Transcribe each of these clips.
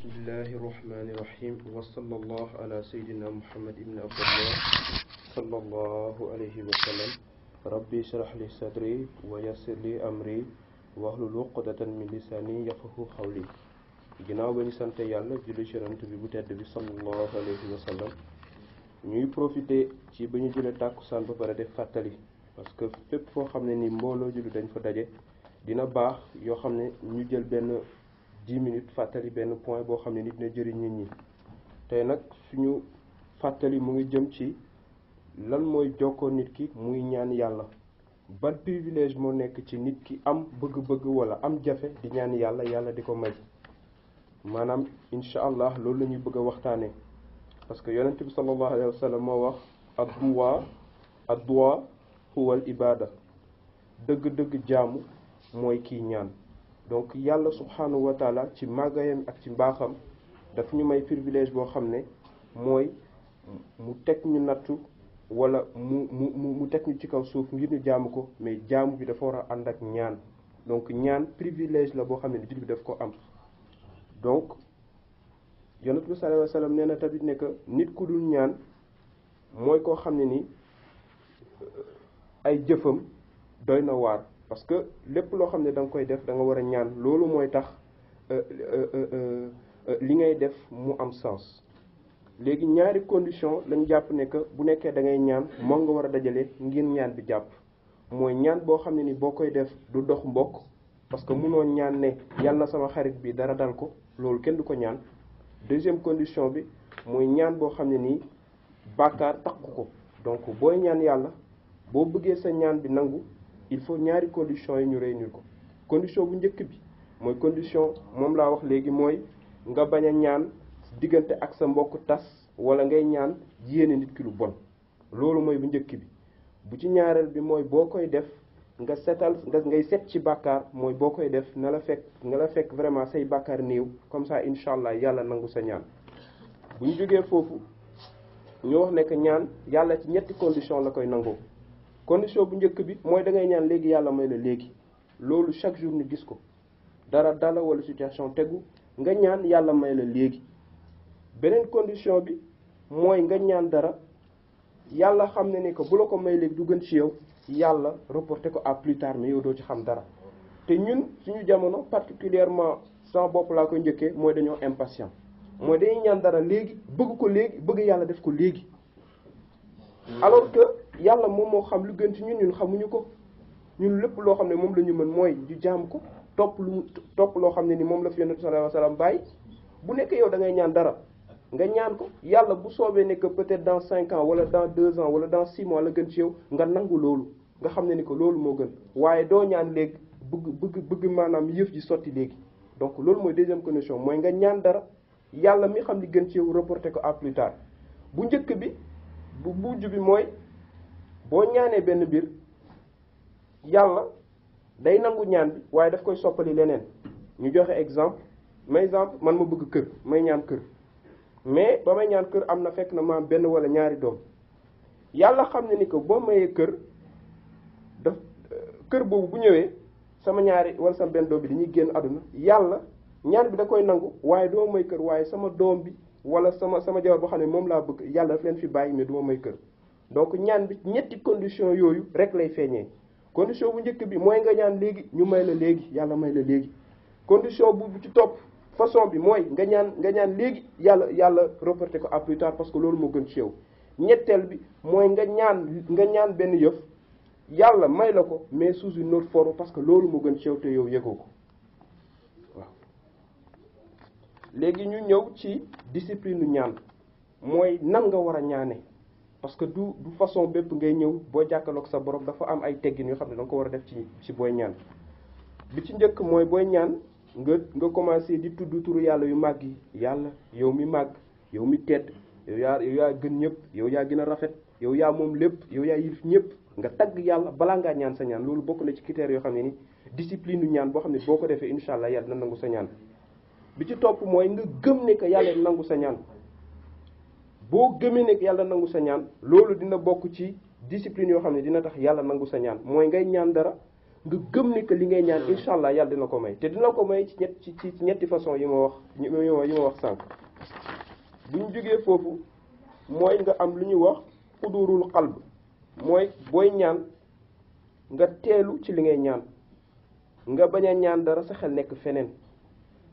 بسم الله الرحمن الرحيم وصلى الله على سيدنا محمد بن عبد الله صلى الله عليه وسلم ربي اشرح لي صدري ويسر لي امري واحلل عقدة من لساني يفقهوا قولي جناب ني سانت يالا جولي شرنت بي بوتيد بي صلى الله عليه وسلم ني بروفيتي تي بني جولي تاك سان با بار دي فاتالي باسكو فيب فو خامني ني مولو جولي دنج فو داجي دينا باخ يو خامني ني جيل بن dix minutes fàttali benn point boo xam ne nit na jëriñ nit ñi tey nag suñu fàttali mu ngi jëm ci lan mooy jokkoo nit ki muy ñaan yàlla ban privilège moo nekk ci nit ki am bëgg-bëgg wala am jafe di ñaan yàlla yàlla di ko may maanaam incha allah loolu la ñuy bëgg a waxtaanee parce que yonent bi sallallahu alayhi wa moo wax adduwa adduwa huwal ibada dëgg-dëgg jaamu mooy kiy ñaan donc yàlla subhanahu wa taala ci màggayam ak ci mbaaxam daf ñu may privilège boo xam ne mooy mu teg ñu nattu walla mu mu mu teg ñu ci kaw suuf ngir ñu jàmm ko mais jàmm bi dafa war a ànd ak ñaan donc ñaan privilège la boo xam ne nit bi daf ko am donc yonent bi sallallahu alayhi wa sallam nee na tamit ne nit ku dul ñaan mooy koo xam ne ni ay jëfam doy na waar parce que lépp loo xam ne da nga koy def danga war a ñaan loolu mooy tax euh, euh, euh, li ngay def mu am sens léegi ñaari condition lañ jàpp ne que bu nekkee da ngay ñaan moom nga war a dajalee ngir ñaan bi jàpp mooy ñaan boo xam ne ni boo koy def du dox mbokk parce que munoo ñaan ne yàlla na sama xarit bi dara dal ko loolu kenn du ko ñaan deuxième condition bi mooy ñaan boo xam ne nii bàkkaar takku ko donc booy ñaan yàlla boo bëggee sa ñaan bi nangu il faut ñaari condition yi ñu réunir ko condition bu njëkk bi mooy condition moom laa wax léegi mooy nga bañ a ñaan diggante ak sa mbokk tas wala ngay ñaan yéene nit ki lu bon loolu mooy bu njëkk bi bu ci ñaareel bi mooy boo koy def nga setal nga ngay set ci bàkkaar mooy boo koy def na la fekk nga la fekk vraiment say bàkkaar néew comme ça incha allah yàlla nangu sa ñaan bu ñu jógee foofu ñu wax ne ñaan yàlla ci ñetti condition la koy nangoo condition bu ñëkk bi mooy da ngay ñaan léegi yàlla may la léegi loolu chaque jour ñu gis ko dara dala wala situation tegu nga ñaan yàlla may la léegi beneen condition bi mooy nga ñaan dara yàlla xam ne ni que bu la ko may léegi du gën ci yow yàlla reporté ko à plus tard mais yow doo ci xam dara te ñun suñu jamono particulièrement sama bopp laa koy njëkkee mooy dañoo impatient mooy dañuy ñaan dara léegi bëgg ko léegi bëgg yàlla def ko léegi hmm. alors que yàlla moom moo xam lu gën ci ñun ñun xamuñu ko ñun lépp loo xam ne moom la ñu mën mooy ñu jaam ko topp lu topp loo xam ne ni moom la fi yonent sallallahu alayhi wasallam bàyyi bu nekk yow da ngay ñaan dara nga ñaan ko yàlla bu soobee ne que peut-être dans cinq ans wala dans deux ans wala dans six mois la gën ci yow nga nangu loolu nga xam ne ni que loolu moo gën waaye doo ñaan léegi bëgg bëgg bëgg maanaam yëf ji sotti léegi donc loolu mooy deuxième condition mooy nga ñaan dara yàlla mi xam li gën ci yow reporté ko à plus bu njëkk bi bu mujj bi mooy boo ñaanee benn mbir yàlla day nangu ñaan bi waaye daf koy soppali leneen ñu joxe exemple mais exemple man ma bëgg kër may ñaan kër mais ba may ñaan kër am na fekk na ma benn wala ñaari doom yàlla xam ne ni que boo mayee kër daf euh, kër boobu bu ñëwee sama ñaari wala sama benn doom bi dañuy génn àdduna yàlla ñaan bi da koy nangu waaye duma may kër waaye sama doom bi wala sama sama jabar boo xam ne moom laa bëgg yàlla daf leen fi bàyyi mais duma may kër donc ñaan bi ñetti condition yooyu rek lay feeñee condition bu njëkk bi mooy nga ñaan léegi ñu may la léegi yàlla may la léegi condition bu ci topp façon bi mooy nga ñaan nga ñaan léegi yàlla yàlla reporté ko à parce que loolu moo gën ci ñetteel bi mooy nga ñaan nga ñaan benn yëf yàlla may la ko mais sous une autre parce que loolu moo gën ci yow te yow yëgoo ko waaw léegi ñu ñëw ci discipline ñaan mooy nan nga war a ñaane parce que du du façon bépp ngay ñëw bo jakkalok sa borom dafa am ay teggin yoo xamné ne da nga ko wara def ci ci boy ñaan bi ci ñëk moy boy ñaan nga nga commencé di tuddu turu yalla yu maggi yalla yow mi mag yow mi tedd yow yaa yow yaa gën ñëpp yow yaa gëna rafet yow yaa mom lepp yow yaa yilif ñëpp nga tagg yalla bala nga ñaan sa ñaan loolu bokku na ci critère yo xamné ni discipline ñaan bo xamné boko défé inshallah yalla na nangu sa ñaan bi ci top moy nga gëm ne nangu sa ñaan Bo gëmé nek yalla nangu sa ñaan loolu dina bokk ci discipline yo xam dina tax yalla nangu sa ñaan moy ngay ñaan dara nga gëm ni ke li ngay ñaan hmm. inshallah yalla dina ko may te dina ko may ci ñet ci ci ñetti façon yi wax yi ma wax sank buñu joggé fofu moy nga am luñu wax qudurul qalb moy boy ñaan nga télu ci li ngay ñaan nga baña ñaan dara sa xel nek fenen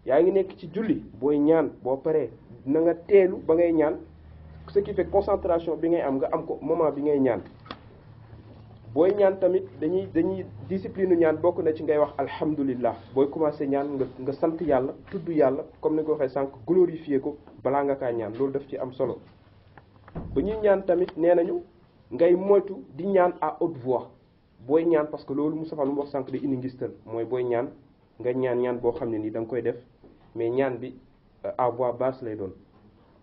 yaa ci julli boy ñaan bo paré na nga télu ba ngay ñaan ce qui fait concentration bi ngay am nga am ko moment bi ngay ñaan booy ñaan tamit dañuy dañuy discipline ñaan bokk na ci ngay wax alhamdulillah booy commencé ñaan nga nga sant yàlla tudd yàlla comme ne nga ko waxee sànq glorifier ko balaa nga kaa ñaan loolu daf ci am solo ba ñuy ñaan tamit nee nañu ngay moytu di ñaan à haute voix booy ñaan parce que loolu Moustapha lu mu wax sànq di indi ngistal mooy booy ñaan nga ñaan ñaan boo xam ne nii danga koy def mais ñaan bi euh, à voix basse lay doon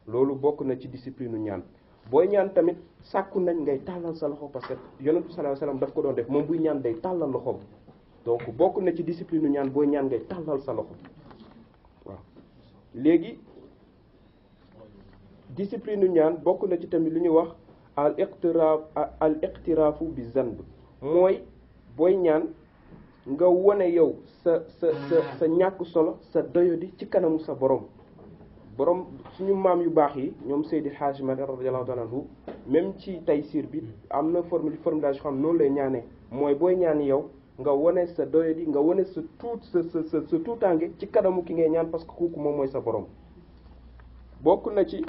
loolu bokk na ci discipline ñaan booy ñaan tamit sàkku nañ ngay tàllal sa loxo parce que yonentu sallallahu alayhi wasallam daf ko doon def moom buy ñaan day tàllal loxoom donc bokk na ci discipline ñaan booy ñaan ngay tàllal sa loxo waaw léegi ñaan bokk na ci tamit lu ñuy wax al iqtiraaf al iqtiraafu bi zanb mooy booy ñaan nga wone yow sa sa sa sa ñàkk solo sa doyodi ci kanamu sa borom borom suñu maam yu baax yi ñoom Seydi Hadj Malick radiyallahu taala anhu même ci Taysiir bi hmm. am na formule formulation xam noonu lay ñaanee mooy booy ñaan yow nga wane sa doyadi nga wane sa tuut sa sa sa tuutaange ci kanamu ki ngay ñaan parce que kooku moom mooy sa borom bokk na ci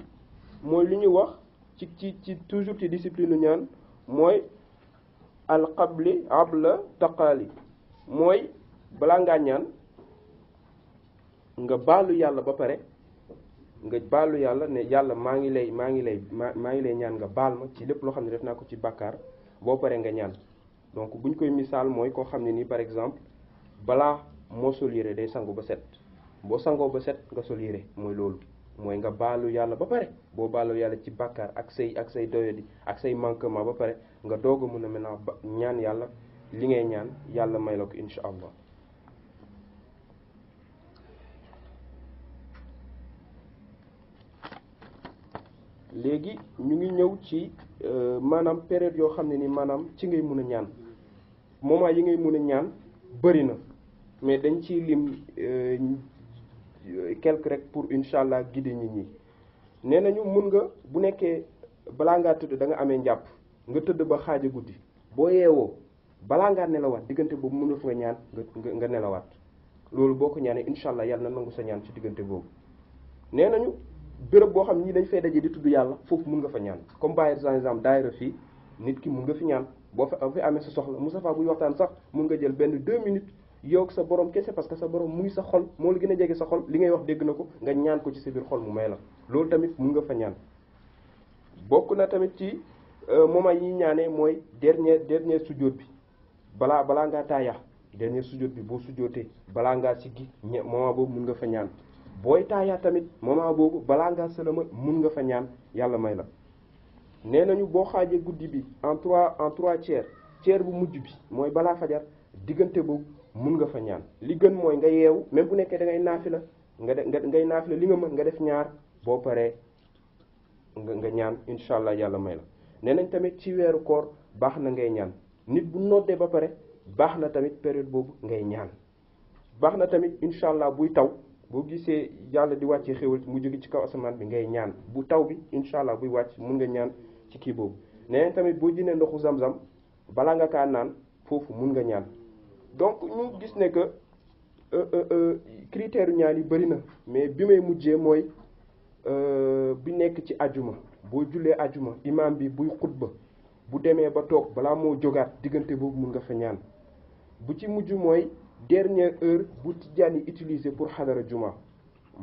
mooy lu ñu wax ci ci ci toujours ci discipline ñaan mooy alxabli abla taqaali mooy balaa ngaa ñaan nga baalu yàlla ba pare nga baalu yàlla ne yàlla maa ngi lay maa ngi lay maa ngi lay ñaan nga baal ma ci lépp loo xam ne def naa ko ci bàkkaar boo paree nga ñaan donc bu ñu koy misaal mooy koo xam ne nii par exemple balaa moo sol yére day sangu ba set boo sangoo ba set nga sol yére mooy loolu mooy nga baalu yàlla ba pare boo baalu yàlla ci bàkkaar ak say ak say doyadi ak say manquement ba pare nga doog a mën a maintenant ñaan yàlla li ngay ñaan yàlla may la ko incha allah léegi ñu ngi ñëw ci euh, maanaam période yoo xam ne ni maanaam ci ngay mun a ñaan moment yi ngay mun a ñaan bëri na mais dañ ci lim euh, quelque rek pour incha allah guider nit ñi nee nañu mun nga bu nekkee balaa ngaa tëdd danga amee njàpp nga tëdd ba xaaja guddi boo yeewoo balaa ngaa nelawaat diggante boobu mënul fa nga ñaan nga nga nelawaat loolu boo ko ñaanee incha allah yàlla na nangu sa ñaan ci diggante boobu nee nañu. béréb boo xam ñii dañ fay daje di tudd yàlla foofu mun nga fa ñaan comme bàyyi par exemple daayira fii nit ki mun nga fi ñaan boo fa fi amee sa soxla mu Moustapha buy waxtaan sax mun nga jël benn deux minutes yow sa borom kese parce que sa borom muy sa xol moo la gën a jege sa xol li ngay wax dégg na ko nga ñaan ko ci sa biir xol mu may la loolu tamit mun nga fa ñaan bokk na tamit ci euh, moment yi ñaanee mooy dernier dernier sujjóot bi balaa balaa ngaa taayaa dernier sujjóot bi boo sujjóotee balaa ngaa siggi moment boobu mun nga fa booy taayaa tamit moment boobu balaa nga ngaa ma mun nga fa ñaan yàlla may la nee nañu boo xaajee guddi bi en trois en trois tiers tiers bu mujj bi mooy balaa fajar diggante boobu mun nga fa ñaan li gën mooy nga yeewu même bu nekkee da ngay la nga def nga ngay la li nga mën nga def ñaar boo paree nga nga ñaan incha allah yàlla may la nee nañ tamit ci weeru koor baax na ngay ñaan nit bu noddee ba pare baax na tamit période boobu ngay ñaan baax na tamit incha allah buy taw boo gisee yàlla di wàccee xéwal mu jóge ci kaw asamaan bi ngay ñaan bu taw bi incha allah buy wàcc mun nga ñaan ci kii boobu neneen tamit boo jëndee ndoxu sam sam balaa nga kaa naan foofu mun nga ñaan donc ñu gis ne que euh, euh, euh, critère ñaan yi bëri na mais bi may mujjee mooy bi nekk ci ajuma boo jullee ajuma imaam bi buy ba bu demee ba toog balaa moo jógaat diggante boobu mun nga fa ñaan bu ci mujj mooy dernière heure bu tijaan yi utiliser pour xadara juma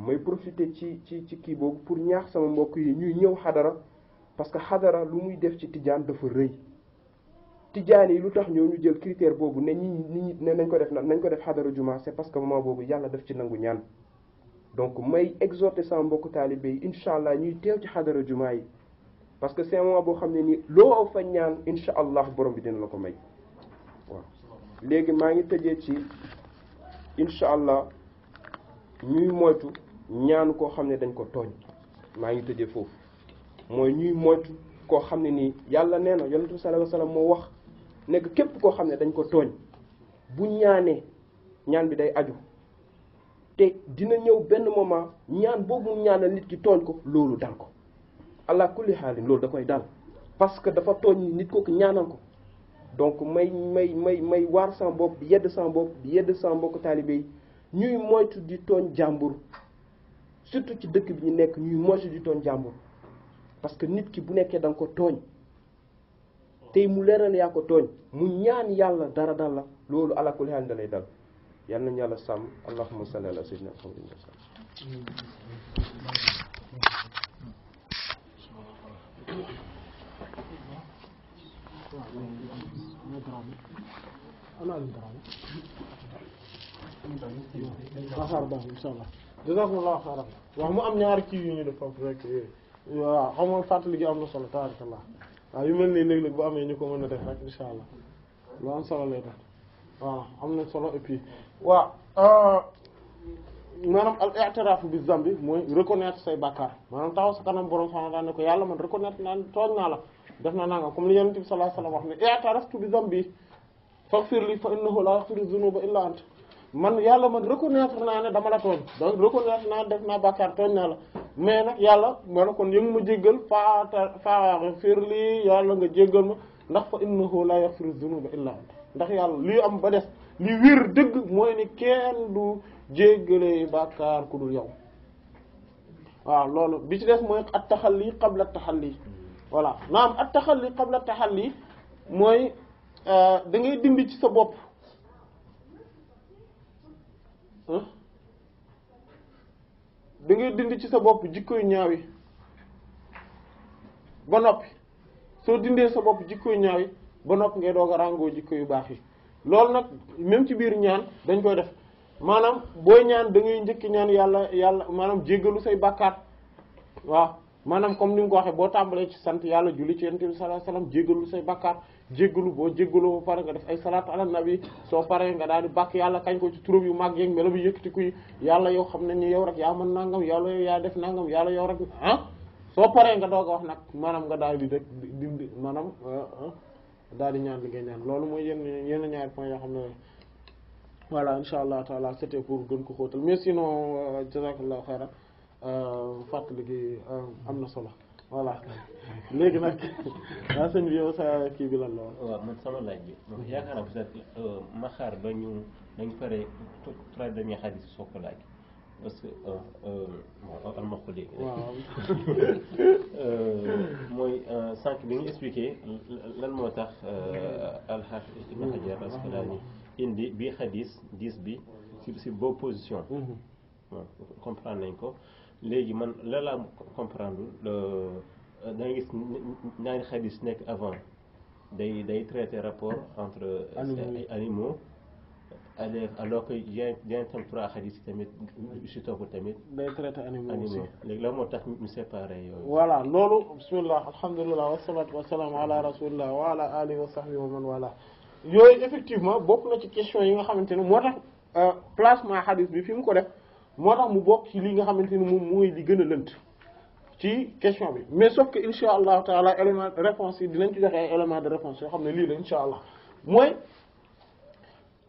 may profiter ci ci ci kii boobu pour ñaax sama mbokk yi ñuy ñëw xadara parce que xadara lu muy def ci tijaan dafa rëy tijaan yi lu tax ñoo ñu jël critère boobu ne ni ñi ne nañ ko def nañ ko def xadara juma c'est parce que moment boobu yàlla def ci nangu ñaan donc may exhorter sama mbokk taalibe yi incha allah ñuy teew ci xadara juma yi parce que c'est moment boo xam ne ni loo fa ñaan incha allah borom bi dina la ko may léegi maa ngi tëjee ci incha allah ñuy moytu ñaan koo xam ne dañ ko tooñ maa ngi tëjee foofu mooy ñuy moytu koo xam ne nii yàlla nee na yonent bi sallallahu alayhi moo wax nekk képp koo xam ne dañ ko tooñ bu ñaanee ñaan bi day aju te dina ñëw benn moment ñaan boobu ñaan ñaanal nit ki tooñ ko loolu dal ko allah kulli xaalin loolu da koy daal parce que dafa tooñ nit kooku ñaanal ko donc may may may may ñuy moytu surtout ci dëkk bi ñu parce que nit ki bu nekké dang ko mu ko mu ñaan dara waaw waaw waaw waaw mu am ñaari kii yu ñu def foofu rek eh, waaw xam nga fàttali am na solo tabaarakallah waaw yu mel nii léeg-léeg bu amee ñu ko mën a def rek insha allah lu am solo lay def waaw am na solo et puis waaw euh, maanaam al i'tiraaf bi zambi mooy reconnaître say bàkkaar maanaam taxaw sa kanam borom subhaanahu wa ta'aala ne ko yàlla man reconnaître naa tooñ naa la def nanga nangam comme li yonent bi sallallahu alayhi wasallam wax ni i'taraftu bi zambi faghfir li fa innahu la yaghfiru dhunuba illa anta man yàlla man reconnaître na ne dama la ton donc reconnaître na def naa bàkkaar tooñ naa la mais nag yàlla ma kon yëngu ma jéggal faata faghfir li yàlla nga jéggal ma ndax fa innahu la yaghfiru dhunuba illa anta ndax yàlla lii am ba des li wér dëgg mooy ni kenn du jéggalee bàkkaar ku yow wa lolu bi ci def moy at tahalli qabla at tahalli voilà naam at takhalli qabla moy euh da ngay dindi ci sa hein da ngay dindi ci sa bop jikko ñaaw yi ba nopi so dindé sa bop jikko ñaaw yi ba nopi ngay doga rango jikko yu baxi lool nak même ci bir ñaan dañ koy def manam boy ñaan da ngay ñëk ñaan yalla yalla manam jéggalu say bakkat waaw maanaam comme ni mu ko waxee boo tàmbalee ci sant yàlla julli ci yonent bi sallallahu alayhi wasallam jéggalu say bakkaar jéggalu boo jéggaloo ba pare nga def ay salaatu ala nabi soo paree nga daal di bàkk yàlla kañ ko ci turam yu mag yeeg melo bi yëkkatiku yi yàlla yow xam ne ni yow rek yaa man nangam yàlla yaa def nangam yàlla yow rek ah soo paree nga doog a wax nag maanaam nga daal di de di maanaam ah, ah, daal di ñaan li ngay ñaan loolu mooy yenn yenn ñaari point yoo xam ne voilà insha allah taala c'était pour gën ko xóotal mais sinon euh, jazakallahu xayran fàttali gi am na solo voilà léegi nag daa sëñ bi yow sa kii bi lan la woon. waaw man sama laaj bi. yaakaar naa peut-être ma xaar ba ñu dañ pare trois derniers hadith soo ko laaj parce que waaw am na ko léegi. waaw mooy sànq bi nga expliqué lan moo tax alxaafis ibn Hajar Asqalaani indi bii hadith dix bi si si boobu position. waaw comprendre nañ ko léegi man la laa comprendre da nga gis ñaari xadis nekk avant day day traité rapport entre euh, animaux alors que yeneen tam trois xadis tamit si topp tamit day traité animaux animaux léegi la moo tax ñu séparé yooyu voilà loolu bismillah alhamdulilah wa wasalaamu ala rasulillah wa ala alihi wa sahbihi wa man wala yooyu effectivement bokk na ci question yi nga xamante ne moo tax euh, placement xadis bi fi mu ko def moo tax mu bokk ci li nga xamante ni moom mooy li gën a lënt ci question bi mais sauf que insha allahu taala élément réponse yi dinañ ci joxe ay élément de réponse yoo xam ne lii la insha allah mooy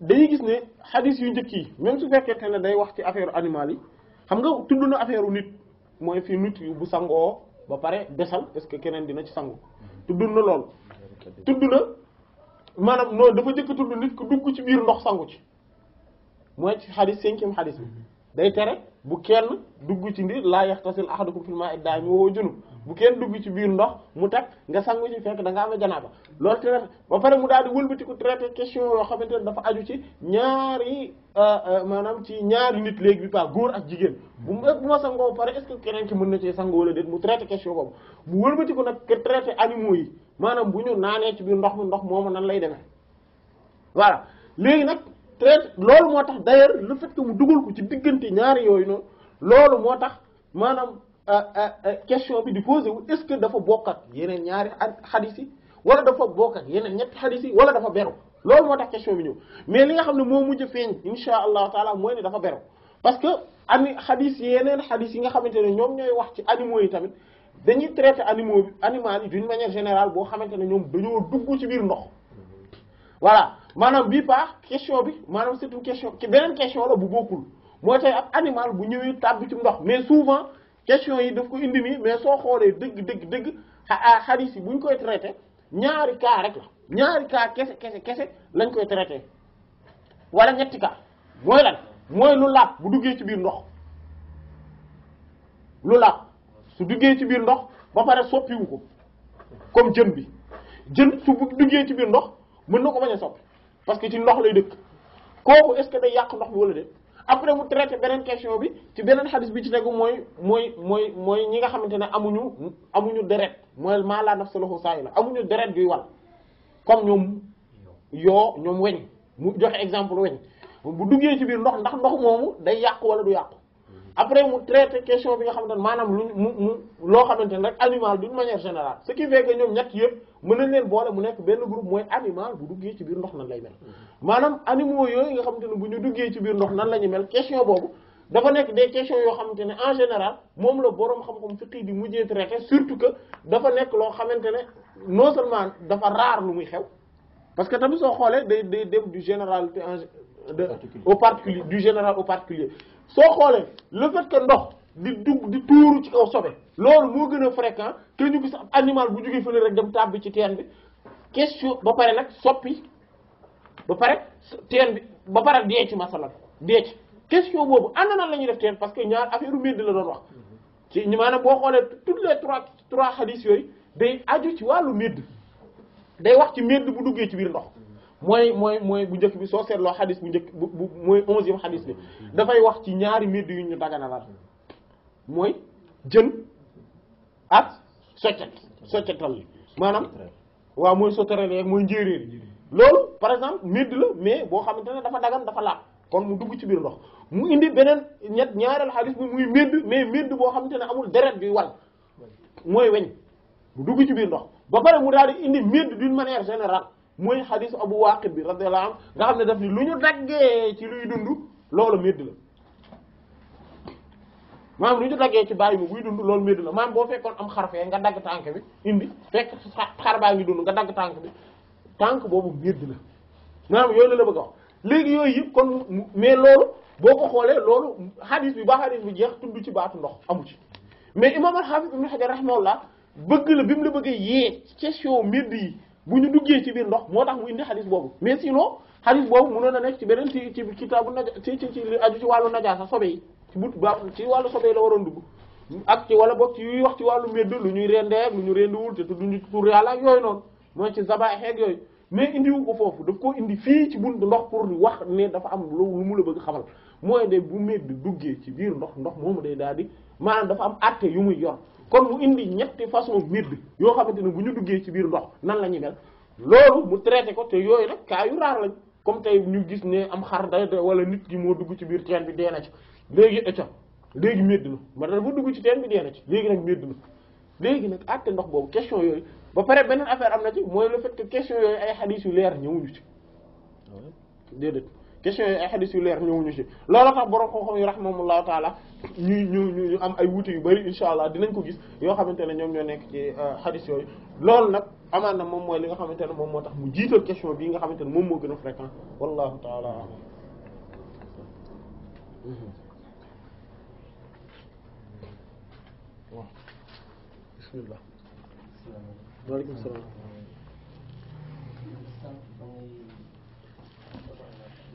dañuy gis ne xadis yu njëkk yi même su fekkente ne day wax ci affaire animal yi xam nga tudd na affaire nit mooy fii nit yu bu sangoo ba pare desal est-ce que keneen dina ci sangu tudd na lool tudd na maanaam noonu dafa njëkk tudd nit ku dugg ci biir ndox sangu ci mooy ci xadis cinquième bi day tere bu kenn dugg ci ndir laa yaxtasil ahadukum fil ma'i daa'im wa junub bu kenn dugg ci biir ndox mu teg nga sangu ci fekk da nga amee janaaba lool tamit ba pare mu daal di wëlbatiku traité question yoo xamante ne dafa aju ci ñaari euh, euh, maanaam ci ñaari nit léegi bi pas góor ak jigéen bu bu ma sangoo ba pare est ce keneen ki mën na cee sangu wala déet mu traité question boobu mu wëlbatiku nag que traité animaux yi maanaam bu ñu naanee ci biir ndox mi ndox moomu nan lay demee voilà léegi très loolu moo tax d'ailleurs le fait que mu dugal ko ci diggante ñaari yooyu noonu loolu moo tax maanaam question bi di posé wu est-ce que dafa bokk ak yeneen ñaari xadis yi wala dafa bokk ak yeneen ñetti xadis yi wala dafa beru loolu moo tax question bi ñëw mais li nga xam ne moo mujj feeñ insha allahu taala mooy ne dafa beru parce que ani xadis yeneen xadis yi nga xamante ne ñoom ñooy wax ci animaux yi tamit dañuy traité animaux bi animal yi d'une manière générale boo xamante ne ñoom dañoo dugg ci biir ndox voilà maanaam bii paax question bi maanaam c'est question ki beneen question la bu bokkul mooy tey ab animal bu ñëwee tàbbi ci ndox mais souvent question yi daf ko indi nii mais soo xoolee dëgg dëgg dëgg ah xadis yi bu ñu koy traité ñaari cas rek la ñaari cas kese kese kese lañ koy traité wala ñetti ka mooy lan mooy lu laab bu duggee ci biir ndox lu laab su duggee ci biir ndox ba pare soppiwu ko comme jën bi jën su duggee ci biir ndox mën na ko bañ a parce que ci ndox lay dëkk kooku est-ce que day yàq ndox bi wala de après mu traité beneen question bi ci beneen xadis bi ci tegu mooy mooy mooy mooy ñi nga xamante ne amuñu amuñu deret mooy maa laa nafsa lahu saa'ila amuñu deret guy wal comme ñoom yoo ñoom weñ mu joxe exemple weñ bu duggee ci biir ndox ndax ndox moomu day yàq wala du yàqu après mu traité question bi nga xamantene manam maanaam lu mu rek animal d'une manière générale ce qui fait que ñoom ñett yëpp mën nañ leen boole mu nekk benn groupe moy animal bu duggé ci bir ndox nan lay mel manam mm-hmm. animaux yoy nga xamantene ne bu ñu duggee ci bir ndox nan lañu mel question bobu dafa nekk des questions yo xamantene en général mom la borom xam-xam fiqi di mujjee traité surtout que dafa nekk lo xamantene ne non seulement dafa raar lu muy xew parce que tamit so xolé day day dem du général en de au particulier du général au particulier soo xoolee le fait que ndox di dugg di tuuru ci kaw sobe loolu moo gën a fréquent que ñu gis ab animal bu jógee fële rek dem tàbbi ci teen bi question ba pare nag soppi ba pare teen bi ba pare dee ci masalan dee ci question boobu ànd na la ñuy def teen parce que ñaar affaire mbir di la doon wax ci ñu boo xoolee toutes les trois trois hadith yooyu day aju ci wàllu mbir day wax ci mbir bu duggee ci biir ndox mooy mooy mooy bu njëkk bi soo seetloo xadis bu njëkk bu mooy mooy onzième xadis bi dafay wax ci ñaari mbir yu ñu daganalal mooy jën ak soccet soccetal li maanaam waaw mooy sottareel yeeg mooy njéeréer loolu par exemple midd la mais boo xamante ne dafa dagan dafa laab kon mu dugg ci biir ndox mu indi beneen ñett ñaareel xadis bi muy midd mais midd boo xamante ne amul deret bi wal mooy weñ mu dugg ci biir ndox ba pare mu daal indi midd d'une manière général mooy xadisu abu waqid bi radiyallahu anhu nga xam ne daf ni lu ñu daggee ci luy dund loolu medd la maanaam lu ñu daggee ci bàyyi bi buy dund loolu medd la maanaam boo fekkoon am xar nga dagg tànk bi indi fekk xar baa ngi dund nga dagg tànk bi tànk boobu medd la maanaam yooyu la la bëgg yooyu yëpp kon mais loolu boo ko xoolee loolu xadis bi ba bi jeex tudd ci baatu ndox amu ci mais imam al-Hafiz ibn Hajar rahimahullah bëgg la bi mu la bëggee yee ci question medd yi bu ñu duggee ci biir ndox moo tax mu indi xadis boobu mais sinon xadis boobu mënoon a nekk ci beneen ci ci kitaabu naja ci ci ci li aju ci wàllu najaasa sobe yi ci but ba ci wàllu sobe la waroon dugg ak ci wala boog ci yuy wax ci wàllu mbedd lu ñuy rendeeg lu ñu rendiwul te duñu tur yàlla ak yooyu noonu mooy ci zaba xeeg yooyu mais indiwu ko foofu daf koo indi fii ci buntu ndox pour wax ne dafa am lu mu la bëgg xamal mooy de bu mbedd duggee ci biir ndox ndox moomu day daal di maanaam dafa am atte yu muy yor kon mu indi ñetti façon wird yoo xamante ne bu ñu duggee ci biir ndox nan la ñuy mel loolu mu traité ko te yooyu nag cas yu raar lañ comme tey ñu gis ne am xar da wala nit ki moo dugg ci biir teen bi dee na ci léegi état léegi médd la ma dafa dugg ci teen bi dee ci léegi nag médd la léegi nag àtte ndox boobu question yooyu ba pare beneen affaire am na ci mooy le fait que question yooyu ay xadiis yu leer ñëwuñu ci ah déedéet question yi ay xadis yu leer ñu ci loolu tax borom xoxo yi rahmalahu taala ñu ñu ñu am ay wuute yu bari inshallah dinañ ko gis yo xamantene ñom ñoo nekk ci hadith yoy loolu nak amana mom moy li nga xamantene mom motax mu jittal question bi nga xamantene mom mo gëna fréquent wallahu taala alam waaw bismillah waaleykum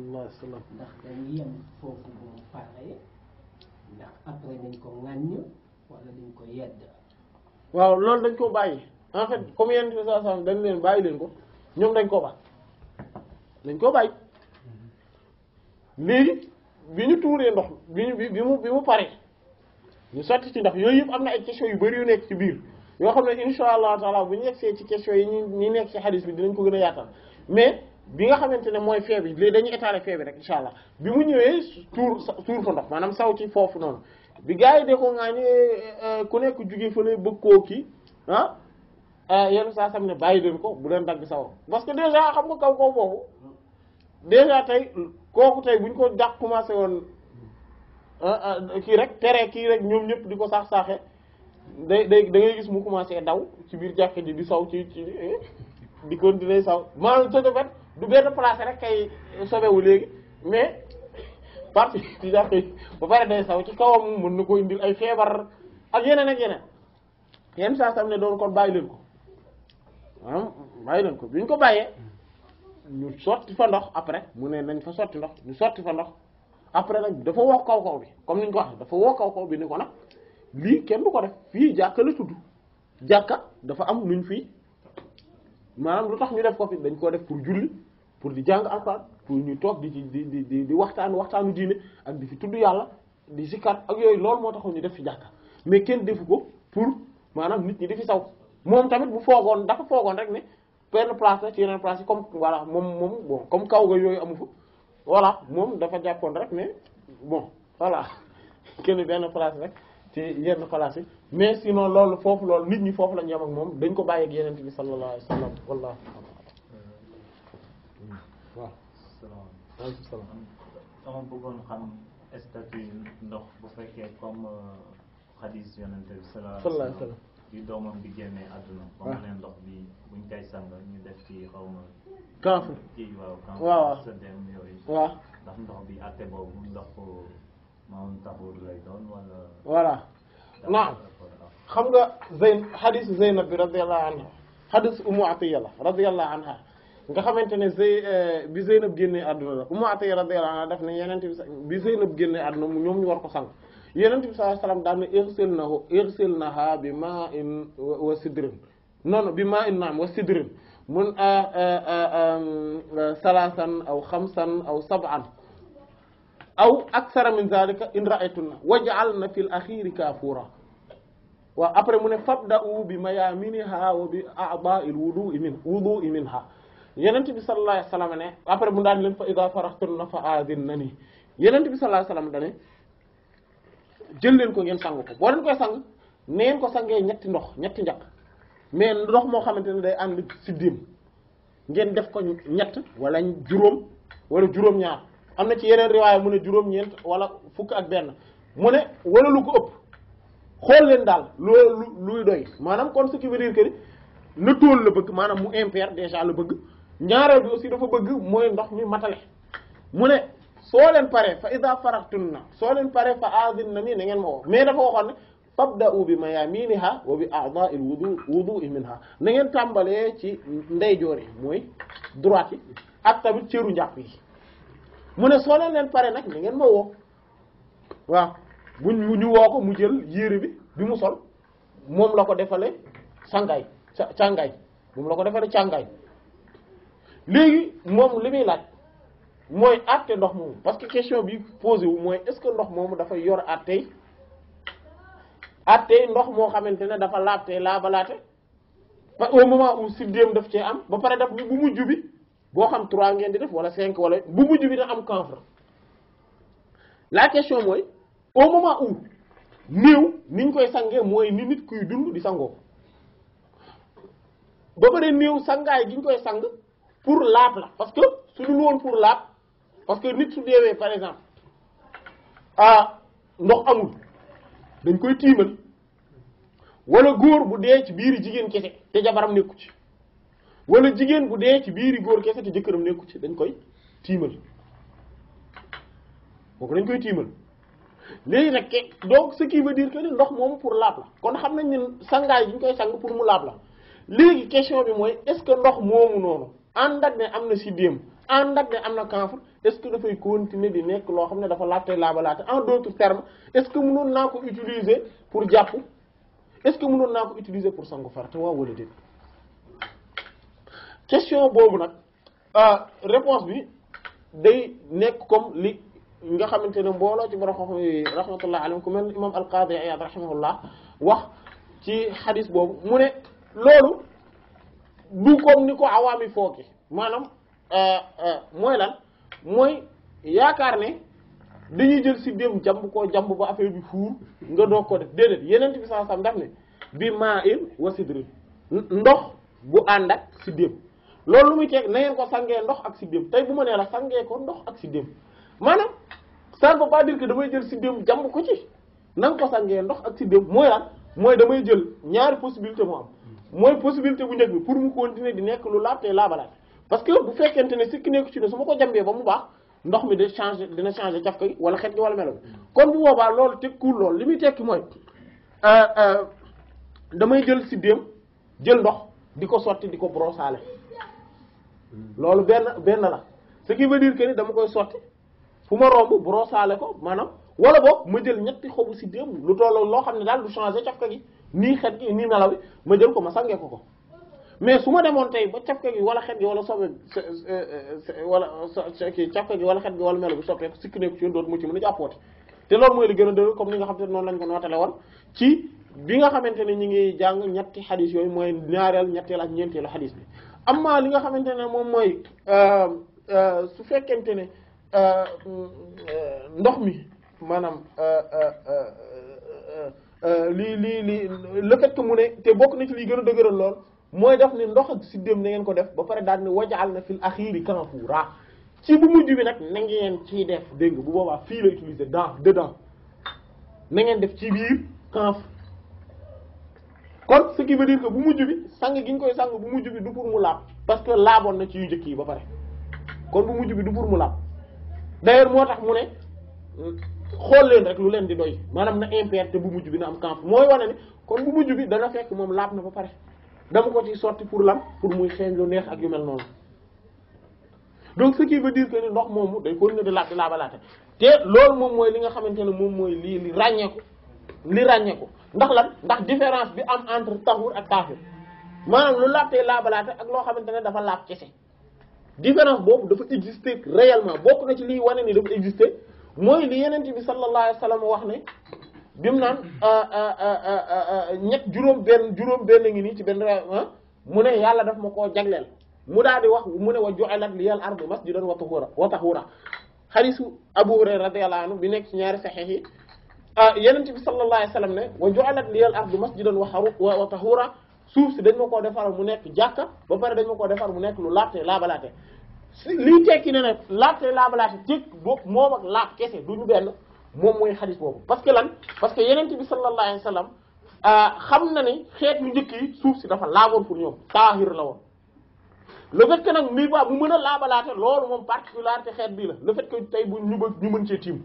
allah salaam ndax ko ŋàññ wala dañ ko yedd waaw loolu dañ ko bàyyi en fait hmm. comme yenn fi saa saa dañ leen bàyyi leen ko ñoom dañ ko baax dañ ko bàyyi hmm. léegi bi ñu tuuree ndox bi ñu bi mu bi mu paree ñu sotti ci ndax yooyu yëpp am na ay questions yu bari yu nekk ci biir yoo xam ne insha allah taala bu ñu yegsee ci questions yi ñu nekk ci xadis bi dinañ ko gën a yaatal mais bi nga xamante ne mooy fee bi dañu dañuy étaler bi rek incha allah bi mu ñëwee tuur tuur fa ndox maanaam saw ci foofu noonu bi gars yi de ko ngaa ne euh, ku nekk jugee fële bëgg koo kii ah euh, saa sam ne bàyyi leen ko bu leen dagg saw parce que déjà xam nga kaw kaw foofu déjà tey kooku tey bu ñu ko jàpp commencé woon euh, kii rek tere kii rek ñoom ñëpp di ko saax saaxe day day da ngay gis mu commencé daw ci biir jàkka ji di saw ci ci eh, di continuer saw maanaam du benn place rek kay sobewu léegi mais parti di dàq ba pare saw ci kawam mën na ko indil ay feebar ak yeneen ak yeneen yenn saa sam ne doon kon bàyyi leen ko maanaam bàyyi leen ko bi ko bàyyee ñu sotti fa ndox après mu ne nañ fa sotti ndox ñu sotti fa ndox après nag dafa woo kaw kaw bi comme ni ñu ko waxee dafa woo kaw kaw bi ni ko nag lii kenn du ko def fii jàkka la tudd jàkka dafa am luñ fii maanaam lu tax ñu def ko fi dañ koo def pour julli pour di jang alpha pour ñu tok di di di di waxtaan waxtaanu diine ak di fi tuddu yalla di zikkat ak yoy lool mo taxoon ñu def fi jàkka mais kenn defu ko pour manam nit ñi di fi saw mom tamit bu fogon dafa fogon rek ne perne place ci yeneen place comme voilà mom mom bon comme kaw ga yoy amu fu voilà mom dafa jappon rek ne bon voilà kenn benn place rek ci yenn place mais sinon lool fofu lool nit ñi fofu lañ yem ak mom dañ ko baye ak yeneen bi sallallahu alayhi wasallam sallam Hvala. Salam. Sama bëggoon xam statut ndox bu fekkee comme xadis yonente bi salaa sallam di doomam bi génnee àdduna ba mu ne ndox bi buñ koy sang ñu def ci xaw ma kanfu kii waaw kanfu waaw sa dem yooyu waaw ndax ndox bi àtte boobu ndox maam taxur lay doon wala voilà naam xam nga zeyn xadis zeynab bi radiallahu anha xadis umu atiya la radiallahu anha nga xamantene ne Zey bi Zeynab genné aduna la umma atay radhiyallahu anha daf na Yonent bi bi Zeynab génnee àdduna ñom ñu war ko sang Yonent bi sallallahu alayhi wasallam daan ne irsilnahu irsilnaha bi wa wa sidrin mun salaasan aw xamsan aw sab'an aw aksara min zalika in ra'aytunna waj'alna fil akhiri kafura waaw après mu ne fabda'u bi mayaminiha wa bi a'dha'il wudu'i min wudu'i minha yenent bi sallallahu alayhi wasallam ne après mu dal fa ida faraxtunna fa nani? na bi sallallahu alayhi wasallam dane jël len ko ngeen sang ko bo len ko sang neen ko sangé ñetti ndox ñetti ndiak mais ndox mo xamanteni day and si ngeen def ko ñett wala jurom wala jurom ñaar am ci yeneen riwaya mu ne jurom ñent wala fukk ak ben mu ne wala lu ko upp xol len dal lu luy doy manam kon ce qui veut dire que ne le bëgg manam mu impair déjà le bëgg ñaareel bi aussi dafa bëgg mooy ndox mi matale mu ne soo leen paree fa iza faraxtun na soo leen paree fa azin na nii na ngeen ma woo mais dafa waxoon ne fabda'u bi mayaminiha wa bi a'dha'il wudu wudu'i minha na ngeen tàmbalee ci ndeyjoor yi mooy droite yi ak tamit cëru njàpp yi mu ne soo leen leen pare nag na ngeen ma woo waaw bu ñu woo ko mu jël yére bi bi mu sol moom la ko defale sangaay càngaay moom la ko defale càngaay léegi moom li muy laaj mooy àtte ndox moomu parce que question bi posé wu mooy est-ce que ndox moomu dafa yor àttey àttey ndox moo xamante ne dafa laabte laabalaate parce au moment où siddéem daf cee am ba pare daf bu mujj bi boo xam trois ngeen di def wala cinq wala bu mujj bi da am camphre la question mooy au moment néew ni koy sangee mooy ni nit kuy dund di sangoo ba pare néew sangaay gi ñu koy sang pour laab la parce que su nous woon pour laab parce que nous su par exemple ah ndox amul dañ koy tiimal wala le gour, dee ci jigen kese te jabaram nekku ci wala jigéen bu dee ci biiri kese te jëkkëram nekku ci dañ koy tiimal kooku dañ koy tiimal donc ce qui veut dire que ndox moom pour laab la kon xam nañ ne sangaay yi koy sang pour mu laab la Les question bi moi est-ce que ndox moomu ànd ne amna na si déem ne amna na est-ce que dafay continuer di nek lo xamne ne dafa laajte laabalaate en d'autres termes est-ce que mënon nako utiliser pour japp est-ce que mënon nako utiliser pour sangu farata waaw wala déet question boobu nag euh, réponse bi day nek comme li nga xamantene mbolo ci borom xam rahmatullah alayhi ku mel imam al-Qadi Iyad rahimahullah wax ci hadith bobu mune lolu du comme ni ko manam euh euh moy lan moy yaakar ne dañuy jël ci dem jàmb ko jàmb ba affaire bi fuur nga do ko def dedet yeneen bi daf ne bi ma'in wa ndox bu andak ci dem lolou muy teg na ko sangé ndox ak ci dem tay buma ma la sangé ko ndox ak ci dem manam ça ko veut pas dire que damay jël ci dem ko ci nang ko sangé ndox ak ci dem moy lan moy damay jël ñaar possibilité mo am moy possibilité bu njëkk bi pour mu continuer di nek lu laté la laabalaat parce que bu fekkente ne sik nekk ci ne su ko jambé ba mu baax ndox mi day changer dina changer caf koy wala xet gi wala melo kon bu boobaa loolu tekkuwul loolu li muy tekki euh, euh damay jël siddéem jël ndox diko sorti diko di lool ben ben la ce qui veut dire que ni dama koy sorti fuma rombu romb ko manam wala bok ma jël ñetti xobu siddéem lu toll lo xam dal daal du changer caf gi nii xet gi nii nelaw yi ma jël ko ma sangee ko ko mais su ma demoon tey ba cafka gi wala xet gi wala sobe wala wala xet gi wala melo bi soppee sikk nekku ci yoon doot mu ci mën a jàppooti te loolu mooy li gën a dëgg comme ni nga xam te noonu lañ ko nootale nga xamante ne ñu ngi jàng ñetti xadis yooyu mooy ñaareel ñetteel ak ñeenteelu xadis bi amma li nga xamante ne moom mooy euh, euh, fekkente ne euh, mm, ndox mi maanaam Euh, lii lii lii le fait que mu ne te bokk na ci lii gën a dëgëral lool mooy def ni ndox ak siddéem na ngeen ko def ba pare daal ni wajaal na fil axiri raa ci bu mujj bi nag na ngeen ciy def dégg bu boobaa fii la utiliser dans dedans na ngeen def ci biir kanf kon ce qui veut dire bu mujj bi sang gi ñu koy sang bu mujj bi du pour mu laab parce que laaboon na ci yu njëkk yi ba pare kon bu mujj bi du pour mu laab d'ailleurs moo tax mu ne xool leen rek lu leen di doy maanaam na impair te bu mujj bi na am camp mooy wane ne kon bu mujj bi dana fekk moom laab na ba pare dama ko ci sotti pour lam pour muy xeeñ lu neex ak yu mel noonu donc ce qui veut dire que ni ndox moomu day continuer di laab di laabalaate te loolu moom mooy li nga xamante ne moom mooy lii li ràññeeku li ràññeeku ndax lan ndax différence bi am entre tahur ak taahir maanaam lu laab tey laabalaate ak loo xamante ne dafa laab kese différence boobu dafa exister réellement bokk na ci liy wane ni dafa exister mooy li yenente bi sallallahu alayhi wa sallam wax ne bi mu naan ah, ah, ah, ñett juróom benn juróom benn ngi nii ci benn mu ne yàlla def ma koo jagleel mu daal di wax mu ne wa ju'ilat liyal ardu masjidan wa tahura wa tahura xarisu Abu Hurayra radiyallahu anhu bi nekk ñaari saxiix yi yenente bi sallallahu alayhi wa sallam ne wa ju'ilat liyal ardu masjidan wa wa tahura suuf si dañ ma koo defar mu nekk jàkka ba pare dañ ma koo defar mu nekk lu laabte laabalaate liy tekki ne nag laab tey laabalaate tekk boobu moom ak laab kese du ñu benn moom mooy xadis boobu parce que lan parce que yeneen bi sallallahu alayhi wa sallam euh, xam na ne xeet yu njëkk yi suuf si dafa laaboon pour ñoom taahir la woon le fait que nag mii ba bu mën a laabalaate loolu moom particularité xeet bii la le fait que tey bu ñu bëgg ñu mën cee tiim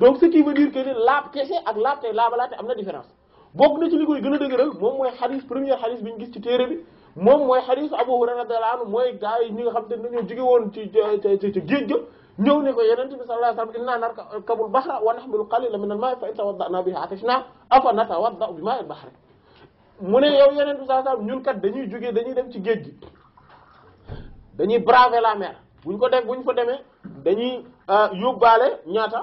donc ce qui veut dire que laab kese ak laab tey laabalaate am na différence bokk na ci li koy gën a dëgëral moom mooy premier xadis bi ñu gis ci téere bi moom mooy xadiis Abu Hurayra radiyallahu anhu mooy gaa yi ñi xam te ne dañoo jóge woon ci ci ci géej ga ñëw ne ko yonent bi sallallahu alayhi wa sallam innaa narkabul bahra wa nahmilu a minal maa'i fa in tawadda'naa bihi atashnaa afa natawadda'u bi maa'il bahri mu ne yow yonent bi sallallahu alayhi wa ñun kat dañuy jóge dañuy dem ci géej gi dañuy braver la mer buñ ko def buñ demee dañuy euh, yóbbaale ñaata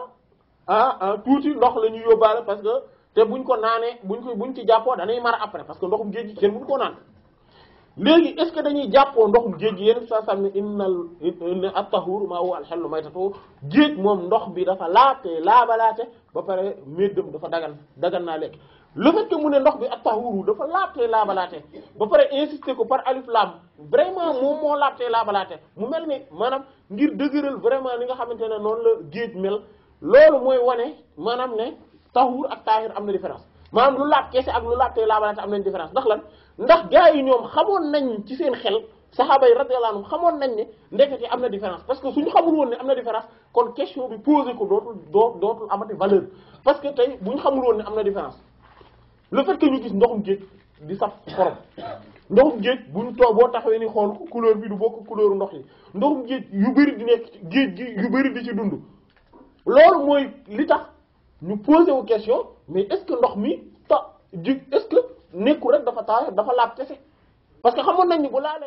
ah, ah tuuti ndox la ñuy yóbbaale parce que te buñ ko naanee buñ ko buñ ci jàppoo danay mar après parce que ndoxum géej gi kenn buñ ko léegi est-ce que dañuy jàppoo ndoxum géej gi yeneen saa saam ne innal inna at-tahuru maa huwa al-hallu maytatu géej moom ndox bi dafa laatee laabalaate ba pare méddam dafa dagan dagan naa le fait que mu ne ndox bi at-tahuru dafa laatee laabalaate ba pare insister ko par alif laam vraiment moom moo laatee laabalaate mu mel ni maanaam ngir dëgëral vraiment li nga xamante ne noonu la géej mel loolu mooy wane maanaam ne tahur ak taahir am na différence maanaam lu laat kese ak lu laatee laabalante am nañ différence ndax lan ndax gars yi ñom xamoon nañ ci seen xel sahaba yi radhiyallahu anhum xamoon nañ ne ndekati amna na différence parce que suñu xamul won ni amna na différence kon question bi poser ko dotul dotul amati valeur parce que tay buñ xamul won ni amna na différence le fait que ñu gis ndoxum géej di saf xorom ndoxum géej buñ to bo taxawee ni xool couleur bi du bok couleur ndox yi ndoxum géej yu bari di nek géej gi yu bari di ci dundu loolu moy li tax ñu poser wu question mais est-ce que ndox mi ta ju est-ce que nekku rek dafa taa dafa laab kese parce que xamoon nañ ni bu laalee